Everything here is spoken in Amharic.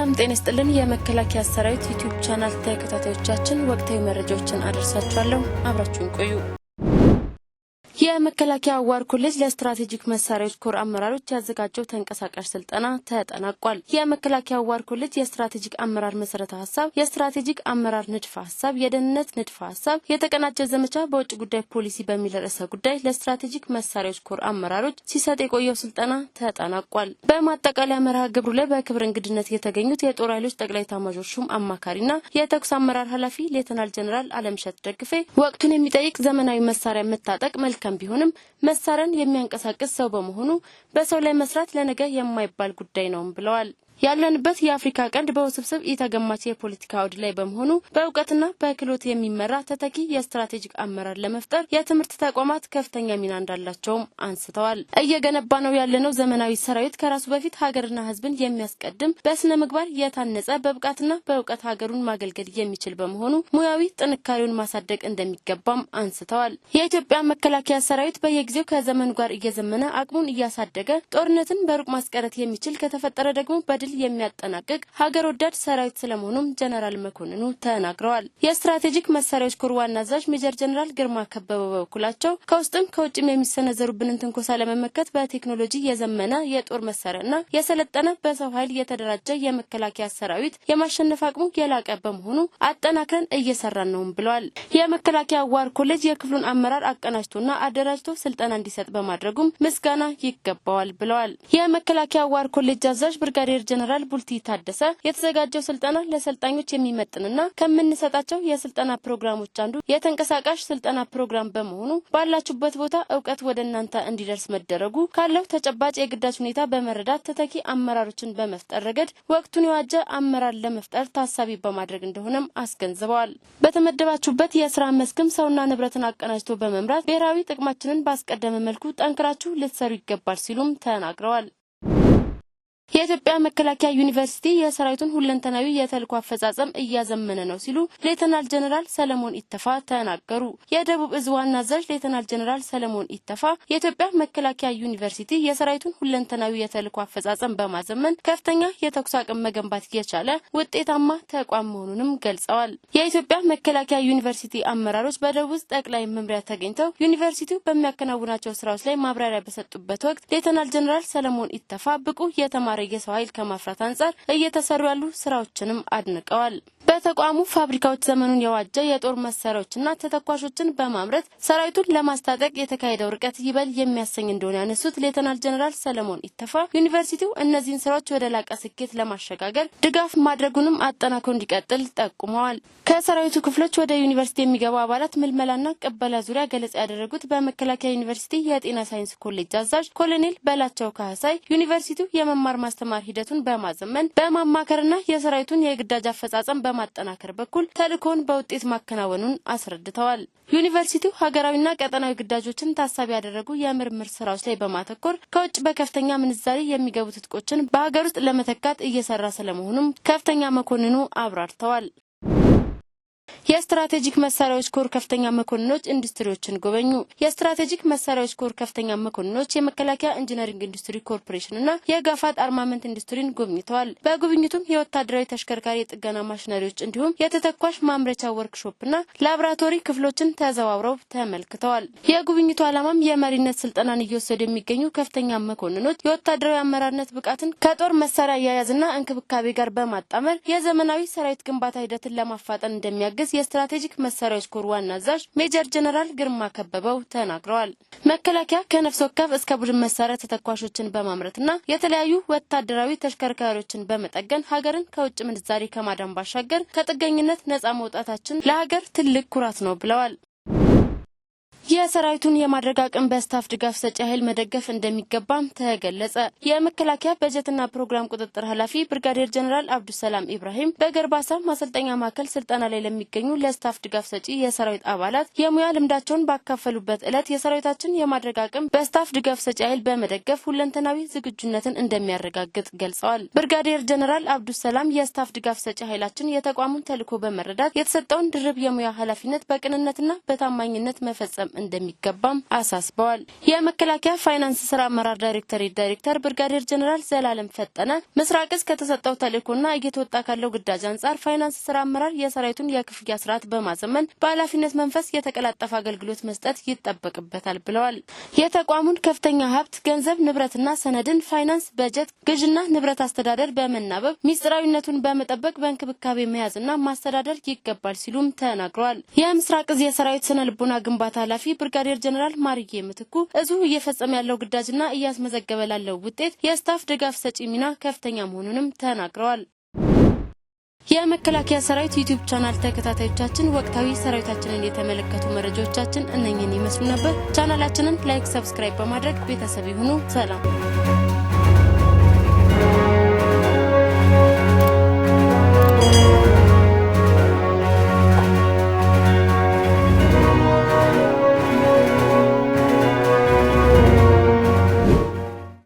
ሰላም ጤና ይስጥልን። የመከላከያ ሰራዊት ዩቲዩብ ቻናል ተከታታዮቻችን ወቅታዊ መረጃዎችን አደርሳችኋለሁ። አብራችሁን ቆዩ። የመከላከያ ዋር ኮሌጅ ለስትራቴጂክ መሳሪያዎች ኮር አመራሮች ያዘጋጀው ተንቀሳቃሽ ስልጠና ተጠናቋል። የመከላከያ ዋር ኮሌጅ የስትራቴጂክ አመራር መሰረተ ሀሳብ፣ የስትራቴጂክ አመራር ንድፈ ሀሳብ፣ የደህንነት ንድፈ ሀሳብ፣ የተቀናጀ ዘመቻ በውጭ ጉዳይ ፖሊሲ በሚል ርዕሰ ጉዳይ ለስትራቴጂክ መሳሪያዎች ኮር አመራሮች ሲሰጥ የቆየው ስልጠና ተጠናቋል። በማጠቃለያ መርሃ ግብሩ ላይ በክብር እንግድነት የተገኙት የጦር ኃይሎች ጠቅላይ ኤታማዦር ሹም አማካሪና የተኩስ አመራር ኃላፊ ሌተናል ጀነራል አለምሸት ደግፌ ወቅቱን የሚጠይቅ ዘመናዊ መሳሪያ መታጠቅ መልካም ቢሆንም መሳሪያን የሚያንቀሳቅስ ሰው በመሆኑ በሰው ላይ መስራት ለነገ የማይባል ጉዳይ ነውም ብለዋል። ያለንበት የአፍሪካ ቀንድ በውስብስብ የተገማች የፖለቲካ አውድ ላይ በመሆኑ በእውቀትና በክህሎት የሚመራ ተተኪ የስትራቴጂክ አመራር ለመፍጠር የትምህርት ተቋማት ከፍተኛ ሚና እንዳላቸውም አንስተዋል። እየገነባ ነው ያለነው ዘመናዊ ሰራዊት ከራሱ በፊት ሀገርና ሕዝብን የሚያስቀድም በስነ ምግባር የታነጸ በብቃትና በእውቀት ሀገሩን ማገልገል የሚችል በመሆኑ ሙያዊ ጥንካሬውን ማሳደግ እንደሚገባም አንስተዋል። የኢትዮጵያ መከላከያ ሰራዊት በየጊዜው ከዘመኑ ጋር እየዘመነ አቅሙን እያሳደገ ጦርነትን በሩቅ ማስቀረት የሚችል ከተፈጠረ ደግሞ በድል በሚል የሚያጠናቅቅ ሀገር ወዳድ ሰራዊት ስለመሆኑም ጀነራል መኮንኑ ተናግረዋል። የስትራቴጂክ መሳሪያዎች ኮር ዋና አዛዥ ሜጀር ጀነራል ግርማ ከበበ በበኩላቸው ከውስጥም ከውጭም የሚሰነዘሩብንን ትንኮሳ ለመመከት በቴክኖሎጂ የዘመነ የጦር መሳሪያና የሰለጠነ በሰው ኃይል የተደራጀ የመከላከያ ሰራዊት የማሸነፍ አቅሙ የላቀ በመሆኑ አጠናክረን እየሰራን ነውም ብለዋል። የመከላከያ ዋር ኮሌጅ የክፍሉን አመራር አቀናጅቶና አደራጅቶ ስልጠና እንዲሰጥ በማድረጉም ምስጋና ይገባዋል ብለዋል። የመከላከያ ዋር ኮሌጅ አዛዥ ብርጋዴር ጀነራል ቡልቲ ታደሰ የተዘጋጀው ስልጠና ለሰልጣኞች የሚመጥንና ከምንሰጣቸው የስልጠና ፕሮግራሞች አንዱ የተንቀሳቃሽ ስልጠና ፕሮግራም በመሆኑ ባላችሁበት ቦታ እውቀት ወደ እናንተ እንዲደርስ መደረጉ ካለው ተጨባጭ የግዳጅ ሁኔታ በመረዳት ተተኪ አመራሮችን በመፍጠር ረገድ ወቅቱን የዋጀ አመራር ለመፍጠር ታሳቢ በማድረግ እንደሆነም አስገንዝበዋል። በተመደባችሁበት የስራ መስክም ሰውና ንብረትን አቀናጅቶ በመምራት ብሔራዊ ጥቅማችንን ባስቀደመ መልኩ ጠንክራችሁ ልትሰሩ ይገባል ሲሉም ተናግረዋል። የኢትዮጵያ መከላከያ ዩኒቨርሲቲ የሰራዊቱን ሁለንተናዊ የተልእኮ አፈጻጸም እያዘመነ ነው ሲሉ ሌተናል ጀኔራል ሰለሞን ኢተፋ ተናገሩ። የደቡብ እዝ ዋና አዛዥ ሌተናል ጀኔራል ሰለሞን ኢተፋ የኢትዮጵያ መከላከያ ዩኒቨርሲቲ የሰራዊቱን ሁለንተናዊ የተልእኮ አፈጻጸም በማዘመን ከፍተኛ የተኩስ አቅም መገንባት የቻለ ውጤታማ ተቋም መሆኑንም ገልጸዋል። የኢትዮጵያ መከላከያ ዩኒቨርሲቲ አመራሮች በደቡብ እዝ ጠቅላይ መምሪያ ተገኝተው ዩኒቨርሲቲው በሚያከናውናቸው ስራዎች ላይ ማብራሪያ በሰጡበት ወቅት ሌተናል ጀኔራል ሰለሞን ኢተፋ ብቁ የተማረ የሰው ኃይል ከማፍራት አንጻር እየተሰሩ ያሉ ስራዎችንም አድንቀዋል። በተቋሙ ፋብሪካዎች ዘመኑን የዋጀ የጦር መሳሪያዎችና ተተኳሾችን በማምረት ሰራዊቱን ለማስታጠቅ የተካሄደው ርቀት ይበል የሚያሰኝ እንደሆነ ያነሱት ሌተናል ጀኔራል ሰለሞን ኢተፋ ዩኒቨርሲቲው እነዚህን ስራዎች ወደ ላቀ ስኬት ለማሸጋገር ድጋፍ ማድረጉንም አጠናክሮ እንዲቀጥል ጠቁመዋል። ከሰራዊቱ ክፍሎች ወደ ዩኒቨርሲቲ የሚገቡ አባላት ምልመላና ቅበላ ዙሪያ ገለጻ ያደረጉት በመከላከያ ዩኒቨርሲቲ የጤና ሳይንስ ኮሌጅ አዛዥ ኮሎኔል በላቸው ካህሳይ ዩኒቨርሲቲው የመማር ማስተማር ሂደቱን በማዘመን በማማከርና የሰራዊቱን የግዳጅ አፈጻጸም በማ በማጠናከር በኩል ተልኮን በውጤት ማከናወኑን አስረድተዋል። ዩኒቨርሲቲው ሀገራዊና ቀጠናዊ ግዳጆችን ታሳቢ ያደረጉ የምርምር ስራዎች ላይ በማተኮር ከውጭ በከፍተኛ ምንዛሬ የሚገቡ ትጥቆችን በሀገር ውስጥ ለመተካት እየሰራ ስለመሆኑም ከፍተኛ መኮንኑ አብራርተዋል። የስትራቴጂክ መሳሪያዎች ኮር ከፍተኛ መኮንኖች ኢንዱስትሪዎችን ጎበኙ። የስትራቴጂክ መሳሪያዎች ኮር ከፍተኛ መኮንኖች የመከላከያ ኢንጂነሪንግ ኢንዱስትሪ ኮርፖሬሽንና የጋፋት አርማመንት ኢንዱስትሪን ጎብኝተዋል። በጉብኝቱም የወታደራዊ ተሽከርካሪ የጥገና ማሽነሪዎች እንዲሁም የተተኳሽ ማምረቻ ወርክሾፕና ላብራቶሪ ክፍሎችን ተዘዋውረው ተመልክተዋል። የጉብኝቱ ዓላማም የመሪነት ስልጠናን እየወሰዱ የሚገኙ ከፍተኛ መኮንኖች የወታደራዊ አመራርነት ብቃትን ከጦር መሳሪያ አያያዝና እንክብካቤ ጋር በማጣመር የዘመናዊ ሰራዊት ግንባታ ሂደትን ለማፋጠን እንደሚያገ ለማገዝ የስትራቴጂክ መሳሪያዎች ኮር ዋና አዛዥ ሜጀር ጀነራል ግርማ ከበበው ተናግረዋል። መከላከያ ከነፍስ ወከፍ እስከ ቡድን መሳሪያ ተተኳሾችን በማምረትና የተለያዩ ወታደራዊ ተሽከርካሪዎችን በመጠገን ሀገርን ከውጭ ምንዛሬ ከማዳን ባሻገር ከጥገኝነት ነጻ መውጣታችን ለሀገር ትልቅ ኩራት ነው ብለዋል። የሰራዊቱን የማድረግ አቅም በስታፍ ድጋፍ ሰጪ ኃይል መደገፍ እንደሚገባም ተገለጸ። የመከላከያ በጀትና ፕሮግራም ቁጥጥር ኃላፊ ብርጋዴር ጀኔራል አብዱሰላም ኢብራሂም በገርባሳ ማሰልጠኛ ማዕከል ስልጠና ላይ ለሚገኙ ለስታፍ ድጋፍ ሰጪ የሰራዊት አባላት የሙያ ልምዳቸውን ባካፈሉበት ዕለት የሰራዊታችን የማድረግ አቅም በስታፍ ድጋፍ ሰጪ ኃይል በመደገፍ ሁለንተናዊ ዝግጁነትን እንደሚያረጋግጥ ገልጸዋል። ብርጋዴር ጀኔራል አብዱሰላም የስታፍ ድጋፍ ሰጪ ኃይላችን የተቋሙን ተልዕኮ በመረዳት የተሰጠውን ድርብ የሙያ ኃላፊነት በቅንነትና በታማኝነት መፈጸም እንደሚገባም አሳስበዋል። የመከላከያ ፋይናንስ ስራ አመራር ዳይሬክቶሬት ዳይሬክተር ብርጋዴር ጀኔራል ዘላለም ፈጠነ ምስራቅ እዝ ከተሰጠው ተልእኮና እየተወጣ ካለው ግዳጅ አንጻር ፋይናንስ ስራ አመራር የሰራዊቱን የክፍያ ስርዓት በማዘመን በኃላፊነት መንፈስ የተቀላጠፈ አገልግሎት መስጠት ይጠበቅበታል ብለዋል። የተቋሙን ከፍተኛ ሀብት፣ ገንዘብ፣ ንብረትና ሰነድን፣ ፋይናንስ፣ በጀት፣ ግዥና ንብረት አስተዳደር በመናበብ ሚስጥራዊነቱን በመጠበቅ በእንክብካቤ መያዝና ማስተዳደር ይገባል ሲሉም ተናግረዋል። የምስራቅ እዝ የሰራዊት ስነ ልቦና ግንባታ ኃላፊ ኃላፊ ብርጋዴር ጀኔራል ማርዬ ምትኩ እዙ እየፈጸመ ያለው ግዳጅና እያስመዘገበ ላለው ውጤት የስታፍ ድጋፍ ሰጪ ሚና ከፍተኛ መሆኑንም ተናግረዋል። የመከላከያ ሰራዊት ዩቲዩብ ቻናል ተከታታዮቻችን ወቅታዊ ሰራዊታችንን የተመለከቱ መረጃዎቻችን እነኝን ይመስሉ ነበር። ቻናላችንን ላይክ፣ ሰብስክራይብ በማድረግ ቤተሰብ ይሁኑ። ሰላም